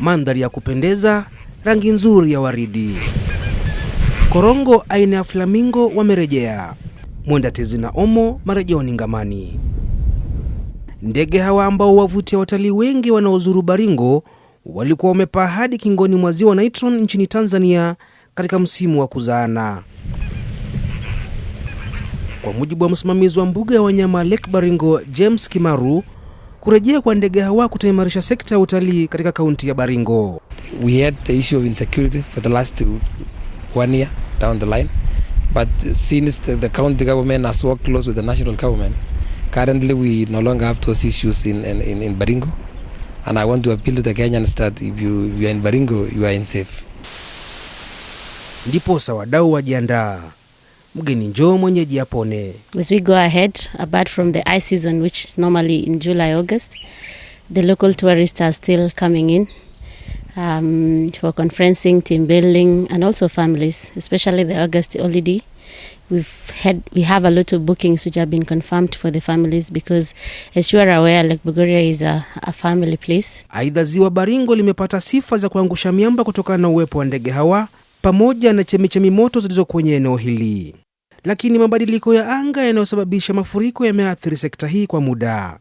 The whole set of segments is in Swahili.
mandhari ya kupendeza, rangi nzuri ya waridi. Korongo aina ya flamingo wamerejea. Mwenda tezi na omo marejeoni ngamani. Ndege hawa ambao wavutia watalii wengi wanaozuru Baringo walikuwa wamepaa hadi kingoni mwa ziwa Natron nchini Tanzania katika msimu wa kuzaana. Kwa mujibu wa msimamizi wa mbuga ya wanyama Lake Baringo James Kimaru, Kurejea kwa ndege hawa kutaimarisha sekta ya utalii katika kaunti ya Baringo. We had the issue of insecurity for the last one year down the line but since the, the county government has worked close with the national government currently we no longer have those issues in, in, in Baringo and I want to appeal to the Kenyans that if you, you are in Baringo you are in safe. Ndiposa wadau wajiandaa Mgeni njoo mwenyeji apone. As we go ahead, apart from the ice season which is normally in July, August, the local tourists are still coming in um, for conferencing, team building and also families, especially the August holiday. We've had, we have a lot of bookings which have been confirmed for the families because as you are aware, Lake Bogoria is a, a family place. Aidha, ziwa Baringo limepata sifa za kuangusha miamba kutokana na uwepo wa ndege hawa pamoja na chemichemi moto zilizo kwenye eneo hili lakini mabadiliko ya anga yanayosababisha mafuriko yameathiri sekta hii kwa muda.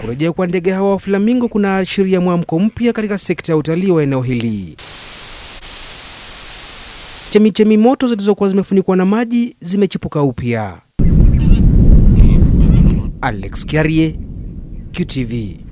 Kurejea kwa ndege hawa wa flamingo kunaashiria mwamko mpya katika sekta ya utalii wa eneo hili. Chemichemi moto zilizokuwa zimefunikwa na maji zimechipuka upya. Alex Kiarie, QTV.